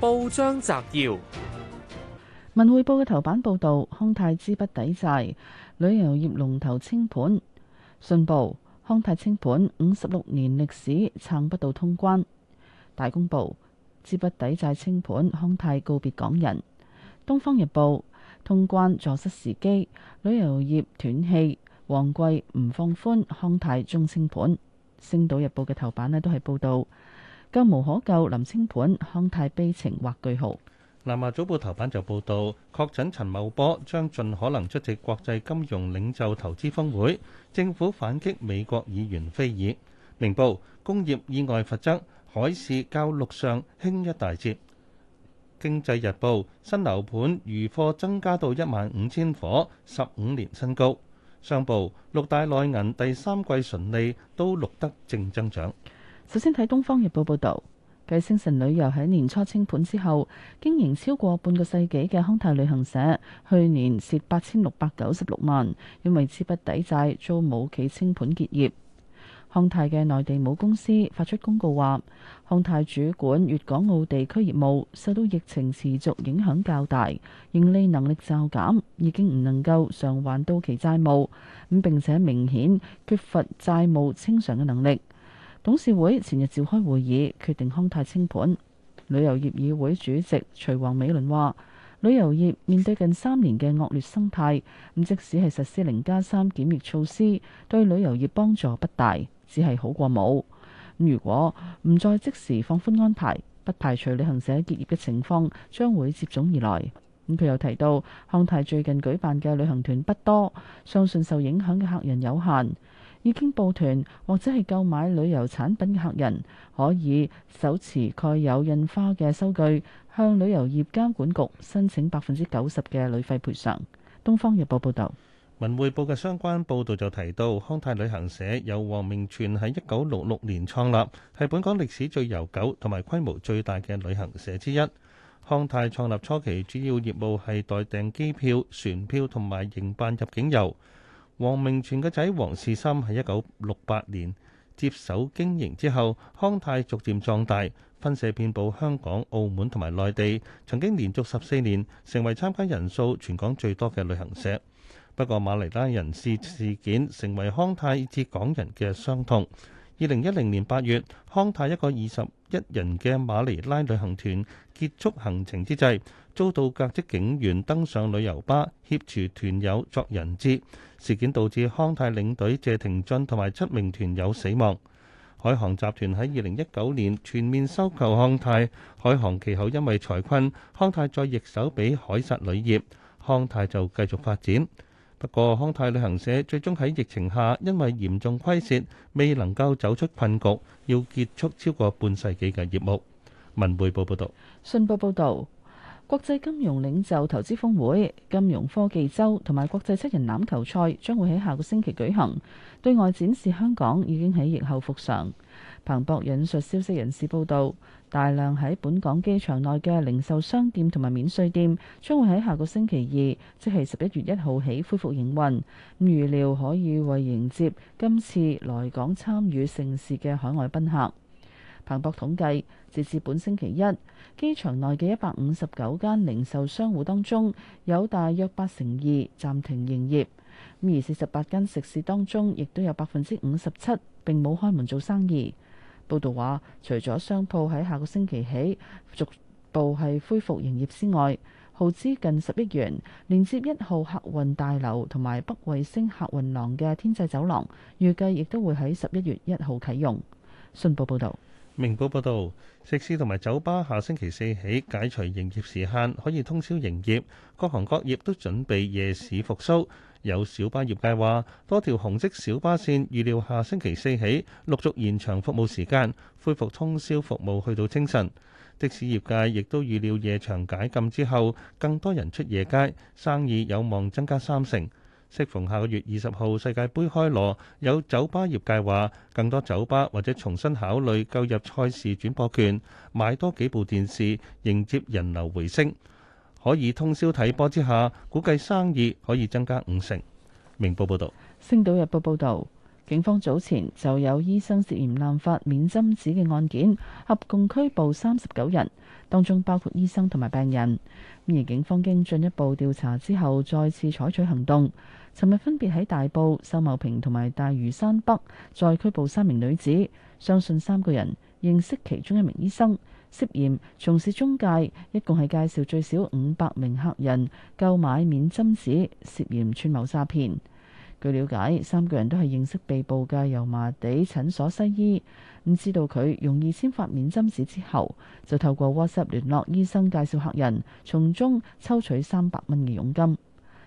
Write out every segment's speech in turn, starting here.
報章摘要：《文匯報》嘅頭版報道康泰資不抵債，旅遊業龍頭清盤；《信報》康泰清盤五十六年歷史撐不到通關；《大公報》資不抵債清盤，康泰告別港人；《東方日報》通關坐失時機，旅遊業斷氣，旺季唔放寬，康泰中清盤；《星島日報》嘅頭版呢都係報道。更無可救，林清盤康泰悲情畫句號。南華早報頭版就報道，確診陳茂波將盡可能出席國際金融領袖投資峰會。政府反擊美國議員非議。明報工業意外罰則，海事較陸上輕一大截。經濟日報新樓盤餘貨增加到一萬五千夥，十五年新高。商報六大內銀第三季純利都錄得正增長。首先睇《東方日報》報導，繼星晨旅遊喺年初清盤之後，經營超過半個世紀嘅康泰旅行社去年蝕八千六百九十六萬，因為資不抵債，遭母企清盤結業。康泰嘅內地母公司發出公告話，康泰主管粵港澳地區業務受到疫情持續影響較大，盈利能力驟減，已經唔能夠償還到期債務，咁並且明顯缺乏債務清償嘅能力。董事會前日召開會議，決定康泰清盤。旅遊業議會主席徐王美倫話，旅遊業面對近三年嘅惡劣生態，咁即使係實施零加三檢疫措施，對旅遊業幫助不大，只係好過冇。如果唔再即時放寬安排，不排除旅行社結業嘅情況將會接踵而來。佢又提到，康泰最近舉辦嘅旅行團不多，相信受影響嘅客人有限。已經報團或者係購買旅遊產品嘅客人，可以手持蓋有印花嘅收據，向旅遊業監管局申請百分之九十嘅旅費賠償。《東方日報》報導，《文匯報》嘅相關報導就提到，康泰旅行社由黃明全喺一九六六年創立，係本港歷史最悠久同埋規模最大嘅旅行社之一。康泰創立初期主要業務係代訂機票、船票同埋營辦入境遊。黃明傳嘅仔黃士心喺一九六八年接手經營之後，康泰逐漸壯大，分社遍布香港、澳門同埋內地，曾經連續十四年成為參加人數全港最多嘅旅行社。不過馬尼拉人質事件成為康泰至港人嘅傷痛。二零一零年八月，康泰一個二十一人嘅馬尼拉旅行團結束行程之際，遭到革職警員登上旅遊巴，挾持團友作人質。事件導致康泰領隊謝廷駿同埋七名團友死亡。海航集團喺二零一九年全面收購康泰，海航其後因為財困，康泰再易手俾海殺旅業，康泰就繼續發展。不過，康泰旅行社最終喺疫情下因為嚴重虧蝕，未能夠走出困局，要結束超過半世紀嘅業務。文匯報報道，信報報道。國際金融領袖投資峰會、金融科技周同埋國際七人欖球賽將會喺下個星期舉行，對外展示香港已經喺疫後復常。彭博引述消息人士報道，大量喺本港機場內嘅零售商店同埋免稅店將會喺下個星期二，即係十一月一號起恢復營運，預料可以為迎接今次來港參與盛事嘅海外賓客。彭博統計，截至本星期一，機場內嘅一百五十九間零售商戶當中有大約八成二暫停營業。而四十八間食肆當中，亦都有百分之五十七並冇開門做生意。報道話，除咗商鋪喺下個星期起逐步係恢復營業之外，耗資近十億元連接一號客運大樓同埋北衛星客運廊嘅天際走廊，預計亦都會喺十一月一號啟用。信報報導。明報報導，食肆同埋酒吧下星期四起解除營業時限，可以通宵營業。各行各業都準備夜市復甦。有小巴業界話，多條紅色小巴線預料下星期四起陸續延長服務時間，恢復通宵服務去到清晨。的士業界亦都預料夜場解禁之後，更多人出夜街，生意有望增加三成。適逢下個月二十號世界杯開鑼，有酒吧業界話，更多酒吧或者重新考慮購入賽事轉播權，買多幾部電視，迎接人流回升，可以通宵睇波之下，估計生意可以增加五成。明報報道。星島日報報道。警方早前就有醫生涉嫌濫發免針紙嘅案件，合共拘捕三十九人，當中包括醫生同埋病人。而警方經進一步調查之後，再次採取行動。尋日分別喺大埔、秀茂坪同埋大嶼山北，再拘捕三名女子，相信三個人認識其中一名醫生，涉嫌從事中介，一共係介紹最少五百名客人購買免針紙，涉嫌串謀詐騙。據了解，三個人都係認識被捕嘅油麻地診所西醫，唔知道佢用二千發免針紙之後，就透過 WhatsApp 聯絡醫生介紹客人，從中抽取三百蚊嘅佣金。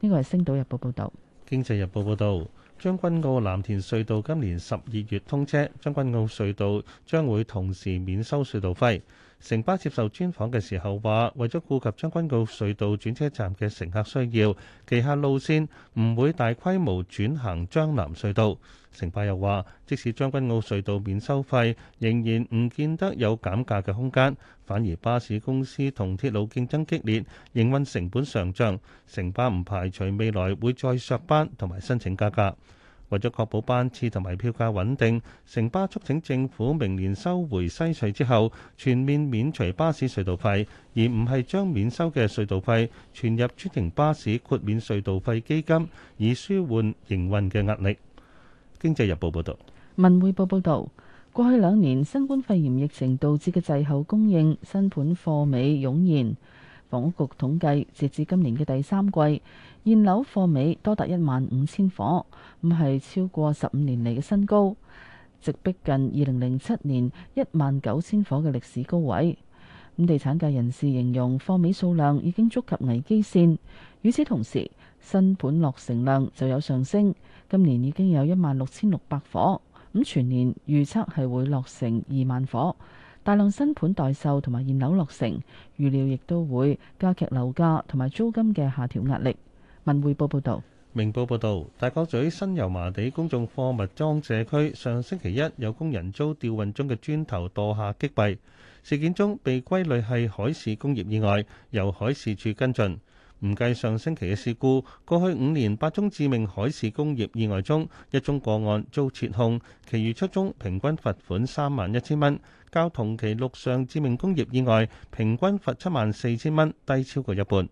呢個係《星島日報》報道，《經濟日報》報道，將軍澳藍田隧道今年十二月通車，將軍澳隧道將會同時免收隧道費。城巴接受專訪嘅時候話，為咗顧及將軍澳隧道轉車站嘅乘客需要，旗下路綫唔會大規模轉行將藍隧道。城巴又話，即使將軍澳隧道免收費，仍然唔見得有減價嘅空間，反而巴士公司同鐵路競爭激烈，營運成本上漲，城巴唔排除未來會再削班同埋申請加價。為咗確保班次同埋票價穩定，城巴促請政府明年收回西隧之後全面免除巴士隧道費，而唔係將免收嘅隧道費存入專營巴士豁免隧道費基金，以舒緩營運嘅壓力。《經濟日報》報道。《文匯報》報道，過去兩年新冠肺炎疫情導致嘅滯後供應，新盤貨尾湧現。房屋局統計，截至今年嘅第三季，現樓貨尾多達一萬五千伙，咁係超過十五年嚟嘅新高，直逼近二零零七年一萬九千伙嘅歷史高位。咁，地產界人士形容貨尾數量已經觸及危機線。與此同時，新盤落成量就有上升，今年已經有一萬六千六百伙，咁全年預測係會落成二萬伙。大量新盤待售同埋現樓落成，預料亦都會加劇樓價同埋租金嘅下調壓力。文匯報報道：「明報報道，大角咀新油麻地公眾貨物裝卸區上星期一有工人遭吊運中嘅磚頭墮下擊斃，事件中被歸類係海事工業意外，由海事處跟進。唔計上星期嘅事故，過去五年八宗致命海事工業意外中，一宗個案遭撤控，其餘七宗平均罰款三萬一千蚊。較同期陸上致命工業意外平均罰七萬四千蚊，低超過一半。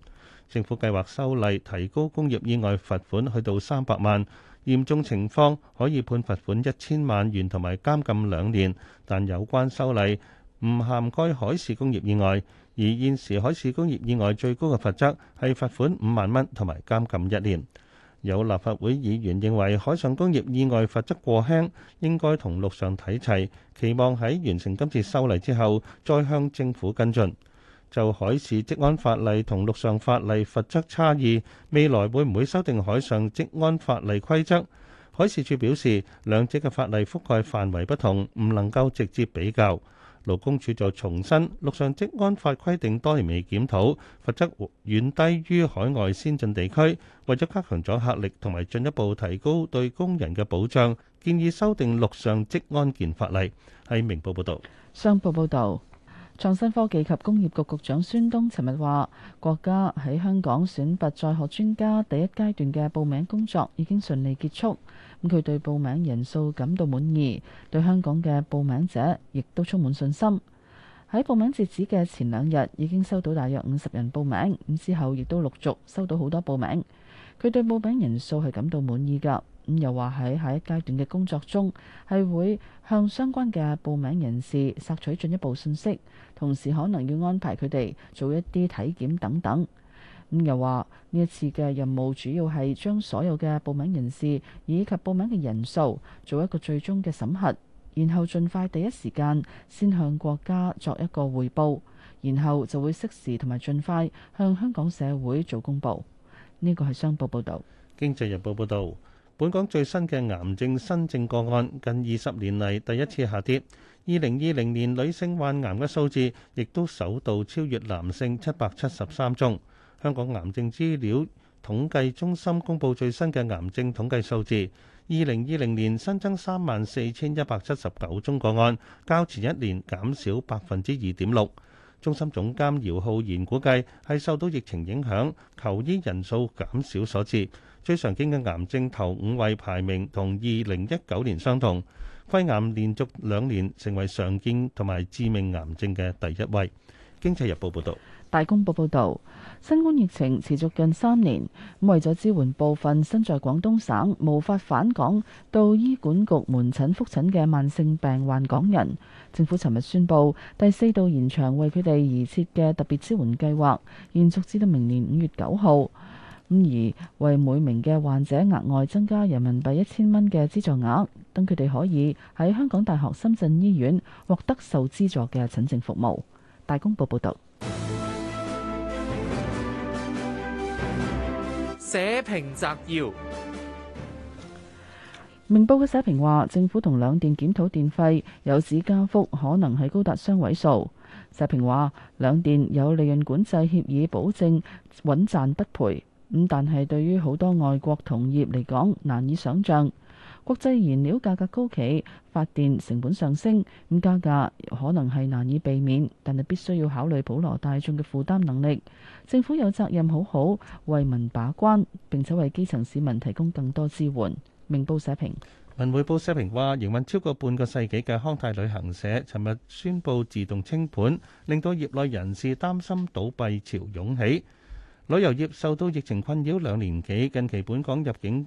政府計劃修例，提高工業意外罰款去到三百萬，嚴重情況可以判罰款一千萬元同埋監禁兩年。但有關修例唔涵蓋海事工業意外，而現時海事工業意外最高嘅罰則係罰款五萬蚊同埋監禁一年。有立法會議員認為海上工業意外罰則過輕，應該同陸上睇齊，期望喺完成今次修例之後，再向政府跟進。就海事職安法例同陸上法例罰則差異，未來會唔會修訂海上職安法例規則？海事處表示，兩者嘅法例覆蓋範圍不同，唔能夠直接比較。勞工處就重申，陸上職安法規定多年未檢討，罰則遠低於海外先進地區。為咗加強阻嚇力，同埋進一步提高對工人嘅保障，建議修訂陸上職安健法例。喺明報報道，商報報道。創新科技及工業局局長孫東尋日話，國家喺香港選拔在學專家第一階段嘅報名工作已經順利結束。咁佢對報名人數感到滿意，對香港嘅報名者亦都充滿信心。喺報名截止嘅前兩日已經收到大約五十人報名，咁之後亦都陸續收到好多報名。佢對報名人數係感到滿意㗎。咁又話喺下一階段嘅工作中，係會向相關嘅報名人士索取進一步信息，同時可能要安排佢哋做一啲體檢等等。咁又話呢一次嘅任務主要係將所有嘅報名人士以及報名嘅人數做一個最終嘅審核，然後盡快第一時間先向國家作一個匯報，然後就會適時同埋盡快向香港社會做公布，呢、這個係商報報道，經濟日報報道。本港最新嘅癌症新症個案近二十年嚟，第一次下跌，二零二零年女性患癌嘅數字亦都首度超越男性七百七十三宗。香港癌症資料統計中心公布最新嘅癌症統計數字，二零二零年新增三萬四千一百七十九宗個案，較前一年減少百分之二點六。中心總監姚浩然估計，係受到疫情影響，求醫人數減少所致。最常見嘅癌症頭五位排名同二零一九年相同，肺癌連續兩年成為常見同埋致命癌症嘅第一位。經濟日報報道。大公報報導，新冠疫情持續近三年，咁為咗支援部分身在廣東省無法返港到醫管局門診覆診嘅慢性病患港人，政府尋日宣布第四度延長為佢哋而設嘅特別支援計劃，延續至到明年五月九號。咁而為每名嘅患者額外增加人民幣一千蚊嘅資助額，等佢哋可以喺香港大學深圳醫院獲得受資助嘅診症服務。大公報報導。社評摘要：明報嘅社評話，政府同兩電檢討電費，有指加幅可能係高達雙位數。社評話，兩電有利潤管制協議保證穩賺不賠，咁但係對於好多外國同業嚟講，難以想象。國際燃料價格高企，發電成本上升，咁加價可能係難以避免，但係必須要考慮普羅大眾嘅負擔能力。政府有責任好好為民把關，並且為基層市民提供更多支援。明報社評。文匯報社評話，營運超過半個世紀嘅康泰旅行社，尋日宣布自動清盤，令到業內人士擔心倒閉潮湧起。旅遊業受到疫情困擾兩年幾，近期本港入境。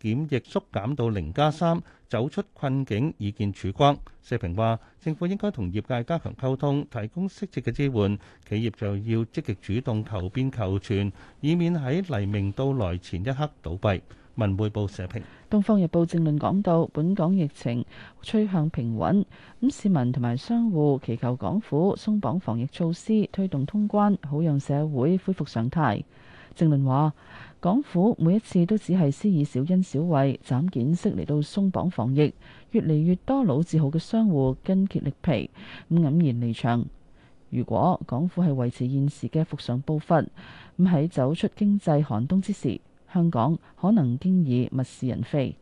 檢疫縮減到零加三，走出困境已見曙光。社評話：政府應該同業界加強溝通，提供適切嘅支援，企業就要積極主動求變求存，以免喺黎明到來前一刻倒閉。文匯報社評。《東方日報正論》講到，本港疫情趨向平穩，咁市民同埋商戶祈求港府鬆綁防疫措施，推動通關，好讓社會恢復常態。正論話。港府每一次都只係施以小恩小惠，斬件式嚟到鬆綁防疫，越嚟越多老字號嘅商戶筋竭力疲，咁黯然離場。如果港府係維持現時嘅復常步伐，咁喺走出經濟寒冬之時，香港可能經已物是人非。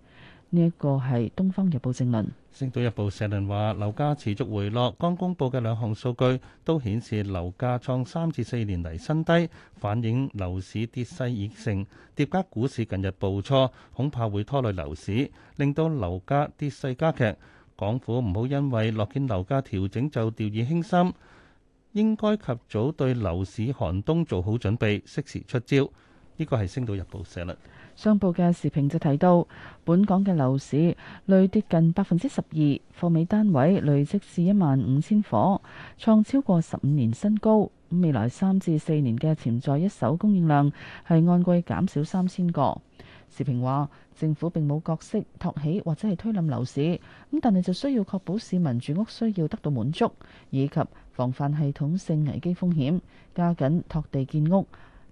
呢一個係《東方日報》正論。星島日報社論話：樓價持續回落，剛公佈嘅兩項數據都顯示樓價創三至四年嚟新低，反映樓市跌勢已成。疊加股市近日暴挫，恐怕會拖累樓市，令到樓價跌勢加劇。港府唔好因為樂見樓價調整就掉以輕心，應該及早對樓市寒冬做好準備，適時出招。呢個係星島日報社論。商報嘅時評就提到，本港嘅樓市累跌近百分之十二，貨尾單位累積至一萬五千夥，創超過十五年新高。未來三至四年嘅潛在一手供應量係按季減少三千個。時評話，政府並冇角色托起或者係推冧樓市，咁但係就需要確保市民住屋需要得到滿足，以及防範系統性危機風險，加緊托地建屋。